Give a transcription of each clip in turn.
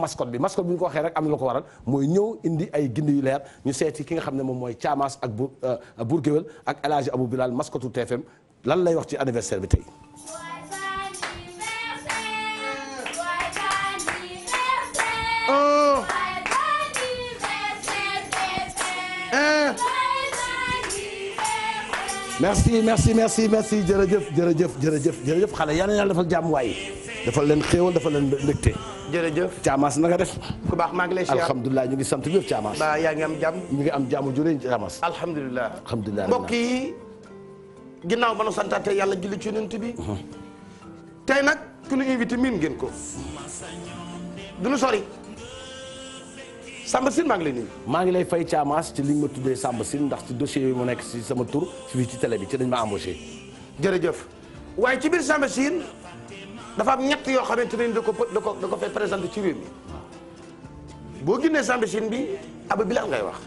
maskot bi mascotte bu ñu ko waxee rek am na lu ko waral mooy ñëw indi ay gindi yu leer ñu seeti ki nga xam ne moom mooy Thiamas ak Bour euh, Bour ak El Hadji Abou Bilal mascotte TFM lan lay wax ci anniversaire bi tey. merci merci merci merci jërëjëf jërëjëf jërëjëf jërëjëf xale ne na yàlla dafa jàmm waay defal leen xéewal dafa leen mbégte. jërëjëf Thiamas na nga def. ku baax maa ngi lay siyaar alhamdulilah ngi sant ñëpp Thiamas. ba yaa ngi am jàmm. ñu ngi am jàmm jure Thiamas. alhamdulilah alhamdulilah mbokk yi. ginnaaw ba nu santaate yàlla julli ci bi. Uh-huh. tey nag ku ñu invité miin ko. du nu sori. Samba Sine maa ngi maa ngi lay fay Thiamas ci li nga ma tuddee Samba Sine ndax ci dossier yi nekk si sama tur fii ci télé bi ci dañ ma embauché. jërëjëf dafa am ñett yoo xamante ne da ko da ko da ko fay présenté ci réew boo génnee Samba Sine bi Abu Bilal ngay wax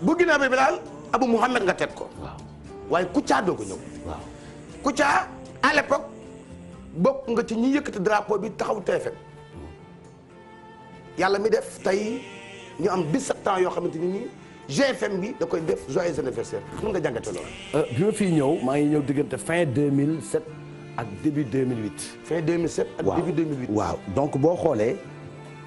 boo génnee Abu Bilal Abu Muhammad nga teg ko. waaye Kouthia doo ko ñëw. waaw Kouthia à l'époque bokk nga ci ñi yëkkati drapeau bi taxaw TFM yàlla mi def tey ñu am 17 ans yoo xamante ni nii GFM bi da koy def joyeux anniversaire xam nga jàngate loolu. Euh, bi ma fiy ñëw maa ngi ñëw diggante fin 2007. ak début 2008. fin 2007 ak début 2008 waaw donc boo xoolee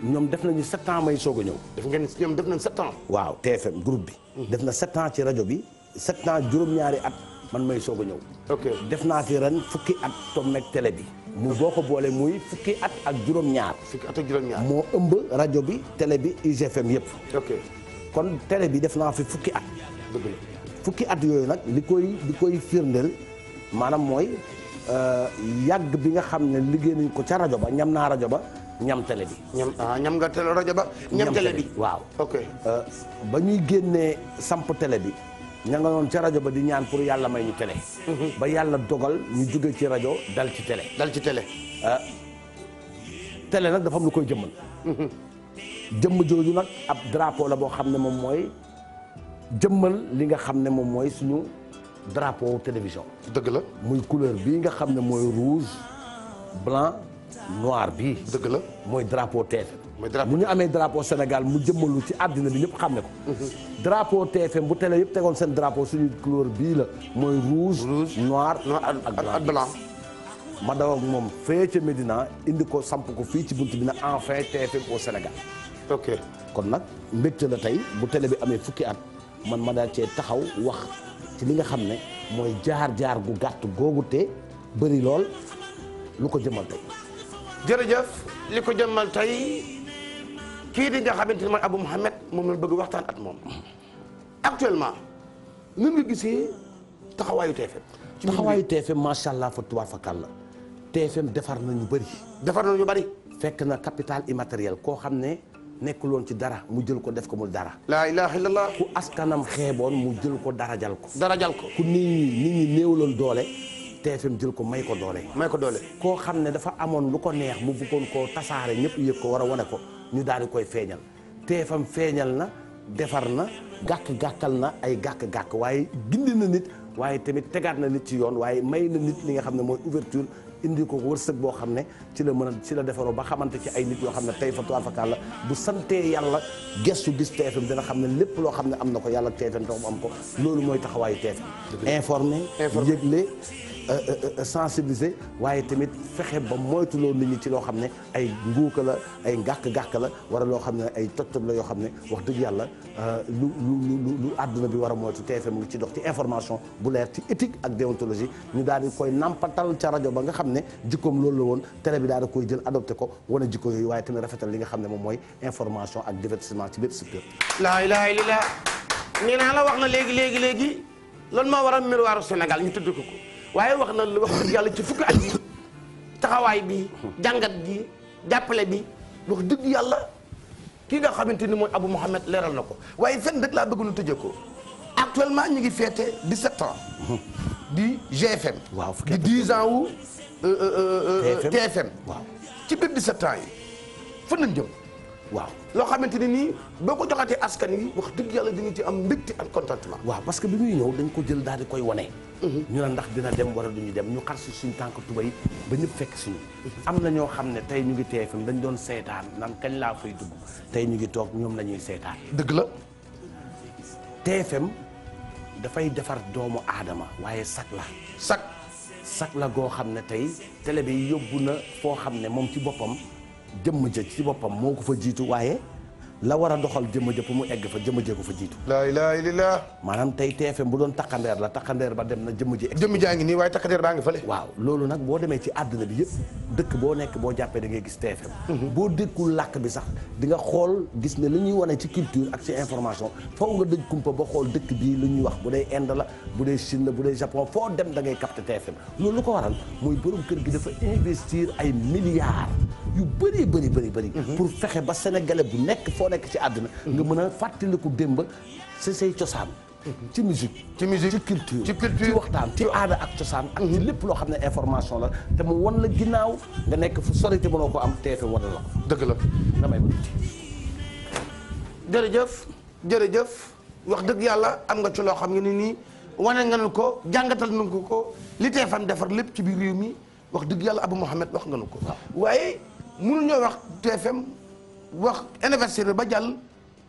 ñoom def nañu sept ans may soog a ñëw. def ngeen ñoom def nañ sept ans. waaw TFM group bi. Hmm. def na sept ans ci rajo bi sept ans juróom-ñaari at man may soog a ñëw. ok def naa fi ren fukki at toog nag télé bi. mu boo ko boolee muy fukki at ak juróom-ñaar. fukki at ak juróom-ñaar moo ëmb rajo bi télé bi ugfm yëpp. ok kon télé bi def naa fi fukki at. dëgg la fukki at yooyu nag li koy li koy firndeel maanaam mooy. Euh, yàgg bi nga xam ne liggéey nañ ko ca rajo ba ñam naa rajo ba ñam tele bi. Ah, ñam nga télé rajo ba. ñam télé bi waaw. ok euh, ñuy génnee samp télé ña nga ca rajo ba di ñaan pour yàlla may ñu télé. Mhm. ba yàlla dogal ñu jóge ci rajo dal ci tele dal ci télé. Euh, télé nag dafa am lu koy jëmmal. Mhm. jëmm jooju nag ab drapeau la boo xam ne moom mooy jëmmal li nga xam ne moom mooy suñu. drapeau télévision. dëgg la muy couleur bii nga xam ne mooy rouge blanc noir bii. dëgg la mooy drapeau TFM. mooy drapeau bu ñu amee drapeau Sénégal mu jëmmalu ci àddina bi ñëpp xam ne ko. Mhm. drapeau TFM bu télé yëpp tegoon seen drapeau suñu couleur bii la mooy rouge. rouge noir ak blanc. ma daw ak moom fee ca Médina indi ko samp ko fii ci bunt bi na enfin TFM au Sénégal. ok kon nag mbégte la tey bu télé bi amee fukki at man ma daal cee taxaw wax. ci li nga xam ne mooy jaar-jaar gu gàtt googu te bari lool lu ko jëmal tey jërëjëf li ko jëmal tey kii di nga xamante ni mooy Abou Mouhamed moom la bëgg waxtaan at moom actuellement nu nga gisee taxawaayu TFM taxawaayu TFM macha allah fa tubaab fa kàll la TFM defar nañu bëri defar nañu bari fekk na capital immatériel koo xam ne nekkul woon ci dara mu jël ko def ko mu dara. laa ilaaha illallah. ku askanam xeeboon mu jël ko darajal ko. darajal ko ku nit ñi nit ñi doole. TFM jël ko may ko doole. may ko doole koo xam ne dafa amoon lu ko neex mu bëggoon koo tasaare ñëpp yëg ko war a wane ko ñu daal di koy feeñal TFM feeñal na defar na gàkk-gàkkal na ay gàkk-gàkk waaye gindi na nit waaye tamit tegaat na nit ci yoon waaye may na nit li nga xam ne mooy ouverture indi ko wërsëg boo xam ne ci la mën a ci la defaroo ba xamante ci ay nit yoo xam ne tey fa tuwaar fa kàlla bu santee yàlla gestu gis TFM dana xam ne lépp loo xam ne am na ko yàlla ak TFM tax mu am ko loolu mooy taxawaayu TFM informé yëgle Euh, euh, euh, sensibiliser waaye tamit fexe ba moytuloo nit ñi ci loo xam ne ay nguuka la ay ngàkk-ngàkk la wala loo xam ne ay toj-toj la yoo xam ne wax dëgg yàlla lu lu lu lu àdduna bi war a moytu TFM mu ngi ci dox ci information bu leer ci éthique ak déontologie ñu daal di koy nampatal ca rajo ba nga xam ne jikkoom loolu la woon télé bi daal di koy jël adopté ko wane jikko yooyu waaye tamit rafetal li nga xam ne moom mooy information ak divertissement ci bépp secteur. laa ilaaha illallaah nee naa la wax na léegi tudd ko. waaye wax na lu wax dëgg yàlla ci fukki at yi taxawaay bi jàngat bi jàppale bi wax dëgg yàlla kii nga xamante ni mooy Abou Mouhamed leeral na ko waaye fenn rek laa bëgg nu tëjee ko actuellement ñu ngi féete 17 ans. di GFM. waaw di 10 ans wu. TFM euh, euh, euh, TFM. waaw ci biir ans yi fan lañ jëm. waaw loo xamante ne nii boo ko joxatee askan yi wax dëgg yàlla di dañu ci am mbégte ak la waaw parce que bi muy ñëw dañ ko jël daal di koy wane. Mhm. ñu ne ndax dina dem wala duñu dem ñu xar si suñ tànk tubay ba ñëpp fekk suñu. Mhm. am na ñoo xam ne tey ñu ngi TFM dañ doon seetaan naan kañ laa fay dugg tey ñu ngi toog ñoom la ñuy seetaan. dëgg la. TFM dafay defar doomu aadama waaye sax la. sax sax la goo xam ne tey télé bi yóbbu na foo xam ne moom ci boppam. jëmm jë ci boppam moo ko fa jiitu waaye la war a doxal jëm jë pour mu egg fa jëm jë ko fa jiitu laa ilaaha la maanaam tey TFM bu doon takkandeer la takkandeer ba dem na jëm ji jëmm jaa ngi nii waaye takkandeer baa ngi fële waaw loolu nag boo demee ci àddina bi yëpp dëkk boo nekk boo jàppee da ngay gis TFM mhm. boo déggul làkk bi sax di nga xool gis ne li ñuy wane ci culture ak ci information foo nga dëj kumpa ba xool dëkk bii lu ñuy wax bu dee Inde la bu dee Chine la bu dee Japon foo dem da ngay capté TFM loolu lu ko waral mooy borom kër gi dafa investir ay milliards yu bëree bëri bëri bëri mhm. pour fexe ba sénégalais bu nekk foo nekk ci àdduna mhm. nga mën a fàttaliku démb si say cosaan mhm. ci musique ci musique ci culture ci waxtaan ci aada ak cosaan ak ci lépp loo xam ne information la te mu won la ginnaaw nga nekk fu sori te mënoo ko am teefe wala la dëgg la damay bëgg jërëjëf wax dëgg yàlla am nga ci loo xam ne nii wane nga nu ko jàngatal nu ko ko li TFM defar lépp ci biir réew mi wax dëgg yàlla Abou Mouhamed wax nga nu ko waaye mënuñoo wax TFM wax anniversaire ba jàll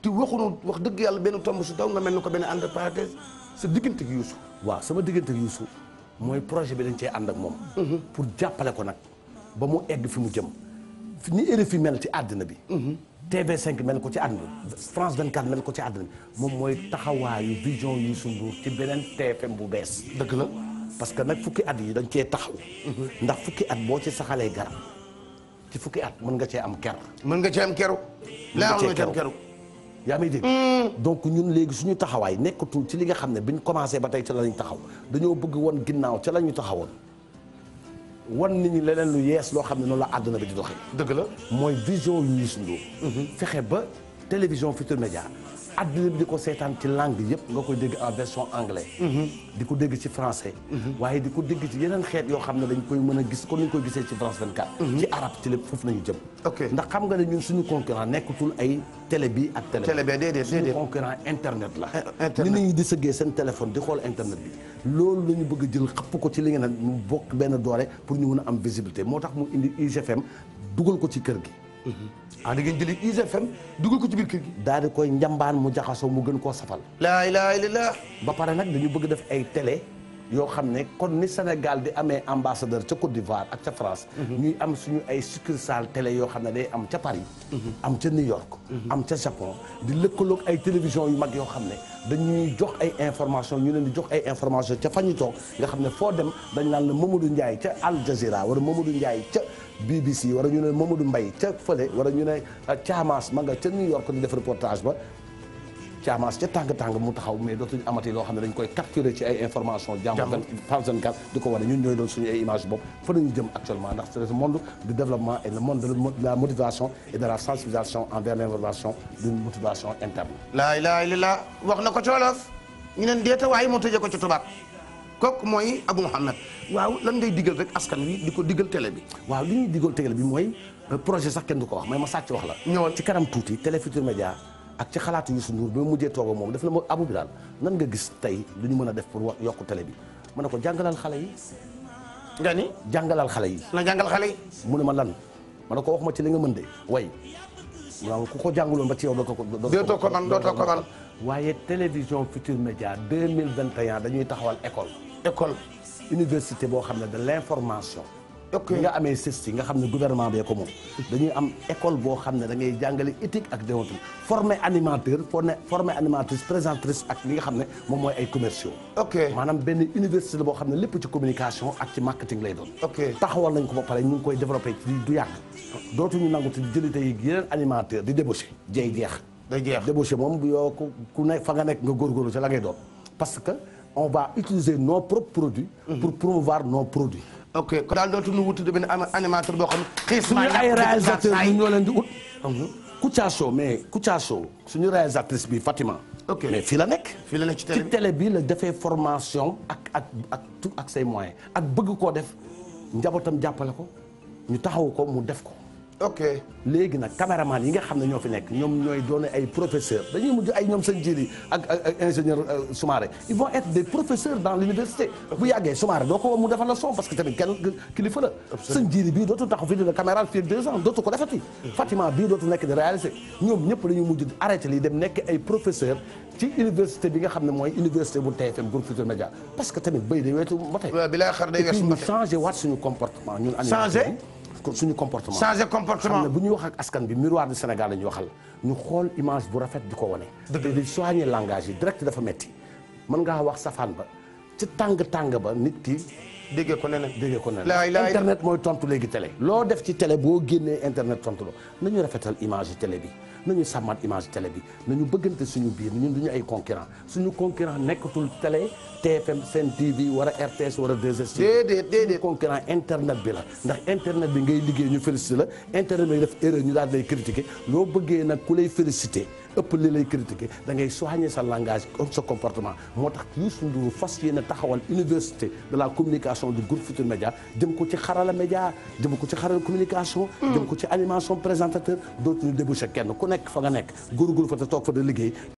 te waxuñu wax dëgg yàlla benn tomb su taw nga mel ni ko benn entre parenthèse sa diggante ak Youssou. waaw sama diggante ak Youssou mooy projet bi dañ cee ànd ak moom. Mhm. pour jàppale ko nag ba mu egg fi mu jëm ni RFI mel ci àddina bi. Mhm. TV5 mel ko ci àddina France 24 mel ko ci àddina bi moom mooy taxawaayu vision Youssou Ndour ci beneen TFM bu bees. dëgg la parce que nag fukki at yi dañ cee taxaw. Mhm. ndax fukki at boo ci saxalee garab. ci fukki at mën nga cee am ker. mën nga cee am keru. mën nga cee am keru yaa may dégg. Hmm. donc ñun léegi suñu taxawaay nekkatul ci li nga xam ne biñ commencé ba tey ca la ñu taxaw dañoo bëgg woon ginnaaw ca la ñu taxawoon. wan nit ñi leneen lu yees loo xam ne noonu la àdduna bi di doxee. dëgg la mooy vision yu Youssou Ndour. Mhm. fexe ba télévision Futurs Médias. àddina bi di ko seetaan ci langue yëpp nga koy dégg en version anglais. di ko dégg ci français. waaye di ko dégg ci yeneen xeet yoo xam ne dañ koy mën a gis comme ni ñu koy gisee ci France 24. ci arab ci lépp foofu nañu jëm. ok ndax xam nga ne ñun suñu concurrent nekkatul ay télé bi ak. télé bi télé bee déedéet suñu concurrent internet la. Eh, internet ni ñu di sëggee seen téléphone di xool internet bi. loolu la ñu bëgg a jël xëpp ko ci li nga naan mu bokk benn doole pour ñu mën a am visibilité moo tax mu indi IGFM dugal ko ci kër gi. ah mm-hmm. da ngeen jëlee IGFM dugal ko ci biir kër gi. daal di koy njambaan mu jaxasoo mu gën koo safal. laa ilaaha illallaah. ba pare nag dañu bëgg def ay télé. yoo xam ne kon ni Sénégal di amee ambassadeur ca Côte d'Ivoire ak ca France. Mhm. ñuy am suñu ay succursale télé yoo xam ne day am ca Paris. Mhm. am ca New York. Mhm. am ca Japon di lëkkaloog ay télévision yu mag yoo xam ne dañuy jox ay information ñu leen jox ay information ca fa ñu toog nga xam ne foo dem dañ naan la Mamadou Ndiaye ca Al Jazeera wala Mamadou Ndiaye ca. BBC wala ñu ne Mamadou mbay ca fële wala ñu ne euh, Thiamas ma nga ca New York di def reportage ba Caamaas ca tàng tàng mu taxaw mais dootuñu amati loo xam ne dañ koy capturer ci ay information jàmm ko wane ñun ñooy doon suñu ay image bopp fa nañu jëm actuellement du développement et le monde de la motivation et de la sensibilisation envers l'information d'une motivation interne laa ilaaha illallaah wax na ko ci ñu neen deeta waaye moo tëjee ko ci tubaab kooku mooy Abou Mouhamed waaw lan ngay digal rek askan wi ko digal télé bi waaw li ñuy ak ci xalaatu Youssou Ndour bi mu mujjee toog moom daf la ma Abou Bilal nan nga gis tey lu ñu mën a def pour yokku télé bi mën ne ko jàngalal xale yi. nga ni jàngalal xale yi. na jàngal xale yi. mu ne ma lan ma ne ko wax ma ci li nga mën de way waaw ku ko jàngaloon ba ci yow doo ko. dootoo ko man dootoo ko man waaye télévision Futur Média 2021 dañuy taxawal école. école université boo xam ne de l'information. li nga amee sës si nga xam ne gouvernement bee ko moom dañuy am école boo xam ne da ngay jàngale éthique ak déontologie formé animateur formé animatrice présentatrice ak li nga xam ne moom mooy ay commerciaux ok maanaam benn université la boo xam ne lépp ci communication ak ci marketing lay doon taxawal nañ ko ba pare ñu ngi koy développé ci du yàgg dootuñu nangu te jëlite yi yeneen animateur di débauché jeey jeex day jeex débauché moom bu yoo ku ne fa nga nekk nga góorgóorlu ci la ngay on va utiliser nos propres produits. Mhm. pour promouvoir nos produits. ok kon daal dootuñu wutuñu benn animateur boo xam ne. suñu ay réalisateur ñu ñoo leen di ut. Kouthia Show mais Kouthia Show suñu réalisatrice bi Fatima. ok mais fii la nekk. fii la nekk ci télé bi ci télé bi la defee formation ak ak ak tout ak say moyens ak bëgg koo def njabootam jàppale ko ñu taxawu ko mu def ko. ok léegi nag caméraman yi nga xam ne ñoo fi nekk ñoom ñooy doon ay professeur dañuy mujj ay ñoom seen ak ak ingénieur euh, Soumaré ils vont être des professeurs dans l'université bu yàggee Soumaré doo ko mu defal la son parce que tamit kenn kilifa la seen jëri bii dootu taxaw fi di la caméra fii deux ans dootu ko defati euh. Fatima bii dootu nekk di réaliser ñoom ñëpp dañuy mujj arrêté lii dem nekk ay professeur ci université bi nga xam ne mooy université bu TFM groupe Futurs Médias parce que tamit béy day weetu ba tey. waaw bi laa xar day weesu ba tey et puis suñu comportement. ñun animateurs changé. kon suñu comportement changer comportement xam bu ñu wax ak askan bi miroir du Sénégal ñu waxal ñu xool image bu rafet di ko wane. te di soigner langage direct dafa metti mën ngaa wax safaan ba ci tàng tàng ba nit ki. déggee ko neneen déggee ko neneen internet mooy tontu léegi tele loo def ci télé boo génnee internet tontu na nañu rafetal image yi bi. nañu sàmmaat image télé bi nañu bëggante suñu biir ñun duñu ay concurrent suñu concurrent nekkatul télé TFM Sen TV wala RTS wala 2STV. déedéet déedéet concurrent internet bi la ndax internet bi ngay liggéey ñu félicité la internet bi nga def erreur ñu daal lay critiqué loo bëggee nag ku lay félicité ëpp li lay critiqué da ngay soigner sa langage sa comportement moo tax Youssou Ndour fas yéene taxawal université de la communication du groupe Futur Média jëm ko ci xarala média jëm ko ci xarala communication. Hmm. jëm ko ci animation présentateur dootuñu débouché kenn ku nekk nekk fa nga nekk góorgóorlu fa te toog fa da